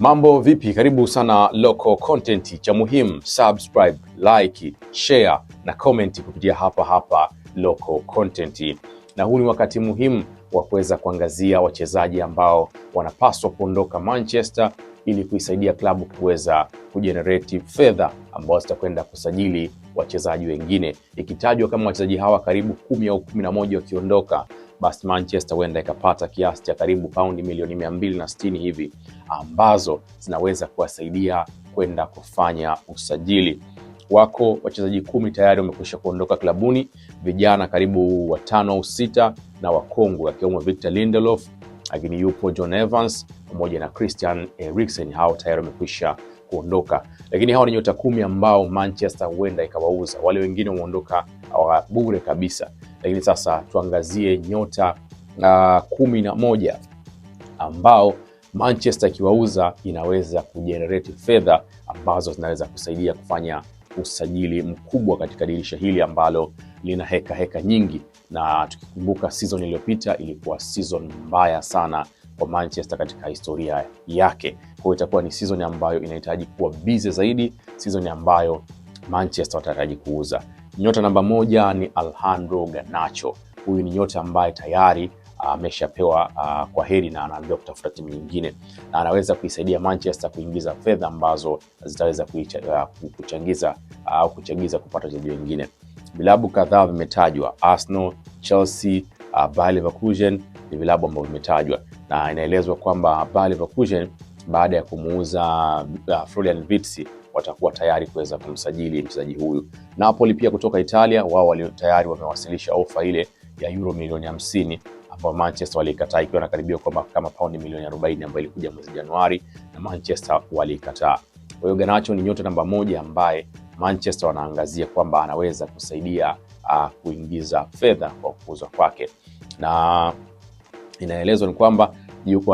Mambo vipi? Karibu sana Local Content. Cha muhimu subscribe, like, share na comment kupitia hapa hapa Local Content, na huu ni wakati muhimu wa kuweza kuangazia wachezaji ambao wanapaswa kuondoka Manchester ili kuisaidia klabu kuweza kujenereti fedha ambazo zitakwenda kusajili wachezaji wengine, ikitajwa kama wachezaji hawa karibu kumi au kumi na moja wakiondoka basi Manchester huenda ikapata kiasi cha karibu paundi milioni mia mbili na sitini hivi ambazo zinaweza kuwasaidia kwenda kufanya usajili. Wako wachezaji kumi tayari wamekwisha kuondoka klabuni, vijana karibu watano au sita na wakongwe akiwemo Victor Lindelof, lakini yupo John Evans pamoja na Christian Eriksen. Hao tayari wamekwisha kuondoka, lakini hao ni nyota kumi ambao Manchester huenda ikawauza. Wale wengine wameondoka wa bure kabisa. Lakini sasa tuangazie nyota kumi na moja ambao Manchester ikiwauza inaweza kujenereti fedha ambazo zinaweza kusaidia kufanya usajili mkubwa katika dirisha hili ambalo lina heka heka nyingi, na tukikumbuka season iliyopita ilikuwa season mbaya sana kwa Manchester katika historia yake. Kwa hiyo itakuwa ni season ambayo inahitaji kuwa busy zaidi, season ambayo Manchester watahitaji kuuza. Nyota namba moja ni Alejandro Garnacho. Huyu ni nyota ambaye tayari ah, ameshapewa uh, uh, kwa heri na anaambiwa kutafuta timu nyingine, na anaweza kuisaidia Manchester kuingiza fedha ambazo zitaweza ah, kuchangiza au uh, kuchangiza kupata wachezaji wengine. Vilabu kadhaa vimetajwa Arsenal, Chelsea, uh, Bayer Leverkusen ni vilabu ambavyo vimetajwa, na inaelezwa kwamba Bayer Leverkusen baada ya kumuuza uh, Florian Wirtz watakuwa tayari kuweza kumsajili mchezaji huyu. Napoli pia kutoka Italia, wao walio tayari wamewasilisha ofa ile ya euro milioni 50 ambayo Manchester walikataa ikiwa nakaribia kwamba kama paundi milioni 40 ambayo ilikuja mwezi Januari na Manchester walikataa. Kwa hiyo Garnacho ni nyota namba moja ambaye Manchester wanaangazia kwamba anaweza kusaidia uh, kuingiza fedha kwa kuuzwa kwake, na inaelezwa ni kwamba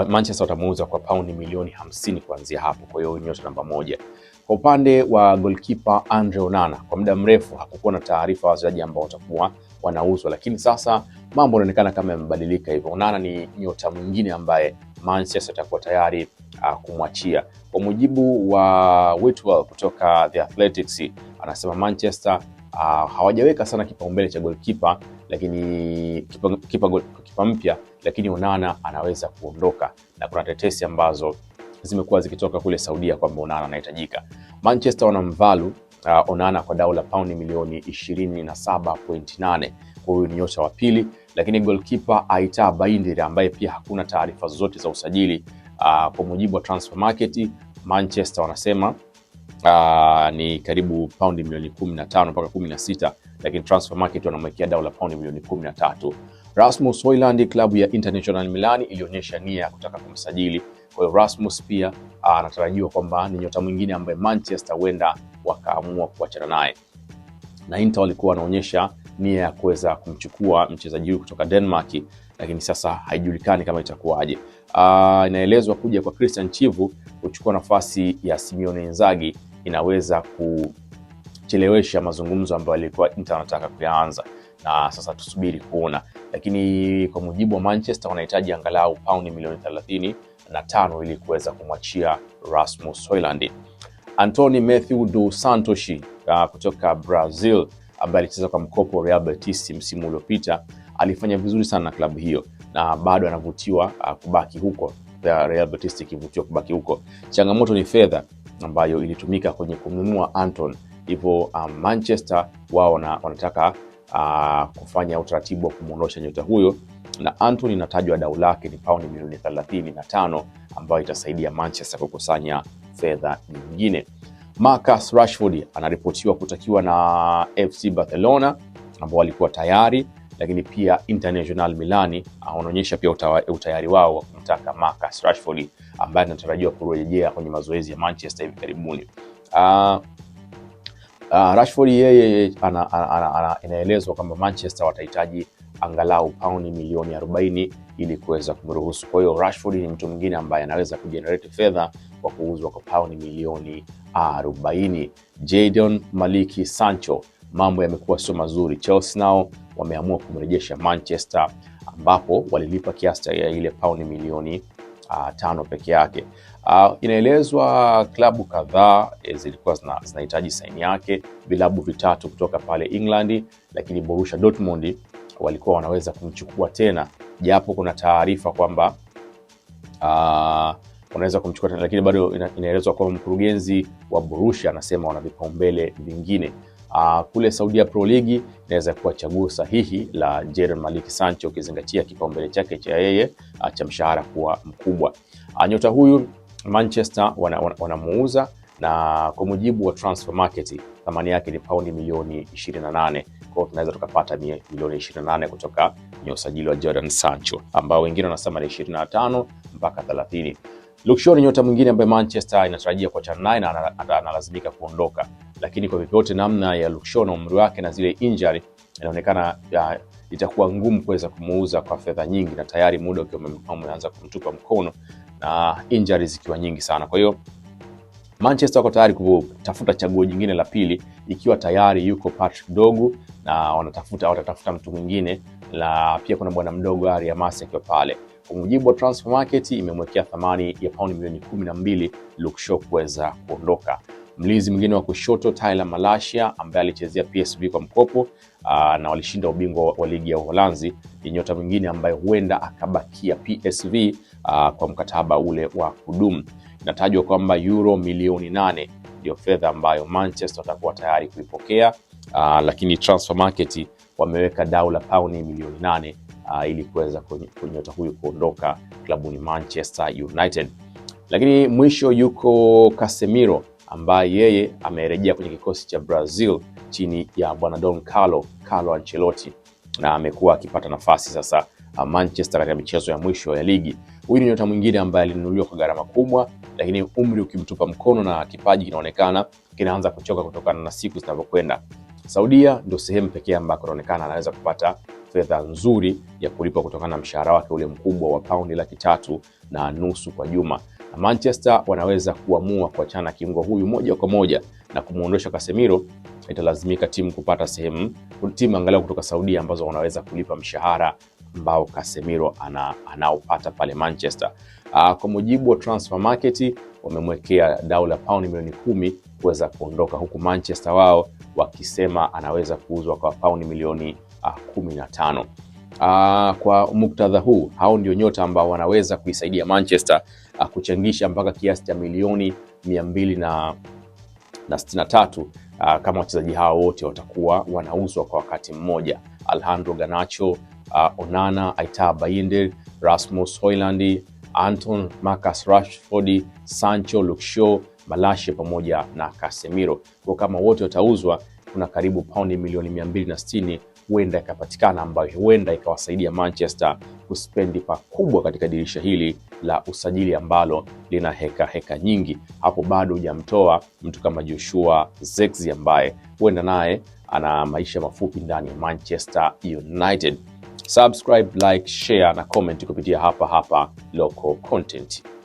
Manchester watamuuza kwa paundi milioni hamsini kuanzia hapo. Kwa hiyo nyota namba moja. Kwa upande wa golkipa Andre Onana, kwa muda mrefu hakukuwa na taarifa wachezaji ambao watakuwa wanauzwa, lakini sasa mambo yanaonekana kama yamebadilika hivyo. Onana ni nyota mwingine ambaye Manchester atakuwa tayari uh, kumwachia. Kwa mujibu wa Whitwell kutoka The Athletics, anasema Manchester uh, hawajaweka sana kipaumbele cha golkipa lakini kipa, kipa, kipa mpya, lakini Onana anaweza kuondoka na kuna tetesi ambazo zimekuwa zikitoka kule Saudia kwamba Onana anahitajika. Manchester wanamvalu uh, Onana kwa dau la paundi milioni 27.8. Kwa hiyo ni nyota wa pili, lakini goalkeeper Aita Baindira ambaye pia hakuna taarifa zote za usajili uh, kwa mujibu wa transfer market Manchester wanasema uh, ni karibu paundi milioni 15 mpaka 16, lakini transfer market wanamwekea dau la paundi milioni 13. Rasmus Hojlund klabu ya International Milan ilionyesha nia ya kutaka kumsajili kwa hiyo Rasmus pia ah, anatarajiwa kwamba ni nyota mwingine ambaye Manchester huenda wakaamua kuachana naye, na Inter walikuwa wanaonyesha nia ya kuweza kumchukua mchezaji huyu kutoka Denmark, lakini sasa haijulikani kama itakuwaje. Ah, inaelezwa kuja kwa Christian Chivu kuchukua nafasi ya Simeone Inzaghi inaweza kuchelewesha mazungumzo ambayo alikuwa Inter anataka kuyaanza na sasa tusubiri kuona, lakini kwa mujibu wa Manchester wanahitaji angalau pauni milioni 35 ili kuweza kumwachia Rasmus Hojlund. Antoni Matheus dos Santos uh, kutoka Brazil ambaye alicheza kwa mkopo wa Real Betis msimu uliopita alifanya vizuri sana na klabu hiyo na bado anavutiwa uh, kubaki huko Real Betis ikivutiwa kubaki huko. Changamoto ni fedha ambayo ilitumika kwenye kumnunua Anton, hivyo um, Manchester wao wanataka uh, kufanya utaratibu wa kumwondosha nyota huyo, na Antony inatajwa dau lake ni pauni milioni 35 ambayo itasaidia Manchester kukusanya fedha nyingine. Marcus Rashford anaripotiwa kutakiwa na FC Barcelona ambao walikuwa tayari, lakini pia International milan wanaonyesha pia utayari wao wa kumtaka Marcus Rashford ambaye anatarajiwa kurejea kwenye mazoezi ya Manchester hivi karibuni. Uh, Uh, Rashford yeye ana, ana, ana, ana, inaelezwa kwamba Manchester watahitaji angalau pauni milioni 40 ili kuweza kumruhusu. Kwa hiyo Rashford ni mtu mwingine ambaye anaweza kujenerate fedha kwa kuuzwa kwa pauni milioni 40. Jadon Maliki Sancho, mambo yamekuwa sio mazuri. Chelsea nao wameamua kumrejesha Manchester, ambapo walilipa kiasi cha ile pauni milioni 5 ah, peke yake. Uh, inaelezwa klabu kadhaa eh, zilikuwa zina, zinahitaji saini yake, vilabu vitatu kutoka pale England, lakini Borussia Dortmund walikuwa wanaweza kumchukua tena, japo kuna taarifa kwamba uh, wanaweza kumchukua tena, lakini bado inaelezwa kwamba mkurugenzi wa Borussia anasema wana vipaumbele vingine. Uh, kule Saudia Pro League inaweza kuwa chaguo sahihi la Jadon Malik Sancho ukizingatia kipaumbele chake cha yeye cha mshahara kuwa mkubwa. nyota huyu Manchester wanamuuza wana, wana na kwa mujibu wa transfer market thamani yake ni paundi milioni 28. Kwa hiyo tunaweza tukapata milioni 28 kutoka kwenye usajili wa Jadon Sancho ambao wengine wanasema ni 25 mpaka 30. Luke Shaw ni nyota mwingine ambaye Manchester inatarajia kuachana naye na analazimika kuondoka, lakini kwa vyovyote namna ya Luke Shaw na umri wake na zile injury inaonekana itakuwa ngumu kuweza kumuuza kwa fedha nyingi, na tayari muda ukiwa umeanza kumtupa mkono na injuries zikiwa nyingi sana. Kwa hiyo Manchester wako tayari kutafuta chaguo jingine la pili, ikiwa tayari yuko Patrick Dogu na wanatafuta watatafuta mtu mwingine, na pia kuna bwana mdogo Ari Amasi akiwa pale. Kwa mujibu wa Transfer Market, imemwekea thamani ya paundi milioni kumi na mbili Luke Shaw kuweza kuondoka. Mlinzi mwingine wa kushoto Tyler Malasia ambaye alichezea PSV kwa mkopo aa, ah, na walishinda ubingwa wa ligi ya Uholanzi. Ni nyota mwingine ambaye huenda akabakia PSV aa, ah, kwa mkataba ule wa kudumu. Inatajwa kwamba euro milioni nane ndio fedha ambayo Manchester watakuwa tayari kuipokea, ah, lakini transfer market wameweka dau la pauni milioni nane aa, ili kuweza kunyota huyu kuondoka klabuni Manchester United. Lakini mwisho yuko Casemiro ambaye yeye amerejea kwenye kikosi cha Brazil chini ya bwana Don Carlo Carlo Ancelotti na amekuwa akipata nafasi sasa uh, Manchester katika michezo ya mwisho ya ligi. Huyu ni nyota mwingine ambaye alinunuliwa kwa gharama kubwa, lakini umri ukimtupa mkono na kipaji kinaonekana kinaanza kuchoka kutokana na siku zinavyokwenda. Saudia ndio sehemu pekee ambako inaonekana anaweza kupata fedha nzuri ya kulipwa kutokana na mshahara wake ule mkubwa wa paundi laki tatu na nusu kwa juma na Manchester wanaweza kuamua kuachana kiungo huyu moja kwa moja na kumwondosha Casemiro, italazimika timu kupata sehemu, timu angalau kutoka Saudia ambazo wanaweza kulipa mshahara ambao Casemiro anaopata ana pale Manchester. Aa, ah, kwa mujibu wa transfer market wamemwekea dau la pauni milioni kumi kuweza kuondoka, huku Manchester wao wakisema anaweza kuuzwa kwa pauni milioni ah, kumi na tano. Aa, ah, kwa muktadha huu hao ndio nyota ambao wanaweza kuisaidia Manchester aa, ah, kuchangisha mpaka kiasi cha milioni mia mbili na, na sitini na tatu ah, kama wachezaji hao wote watakuwa wanauzwa kwa wakati mmoja: Alejandro Garnacho, uh, Onana, Aita Bayindir, Rasmus Hojlund, Anton, Marcus Rashford, Sancho, Luke Shaw, pamoja na Casemiro. Kwa kama wote watauzwa, kuna karibu paundi milioni mia mbili na sitini huenda ikapatikana, ambayo huenda ikawasaidia Manchester kuspendi pakubwa katika dirisha hili la usajili ambalo lina heka heka nyingi. Hapo bado hujamtoa mtu kama Joshua zei ambaye huenda naye ana maisha mafupi ndani ya Manchester United. Subscribe, like, share na comment kupitia hapa hapa Local Content.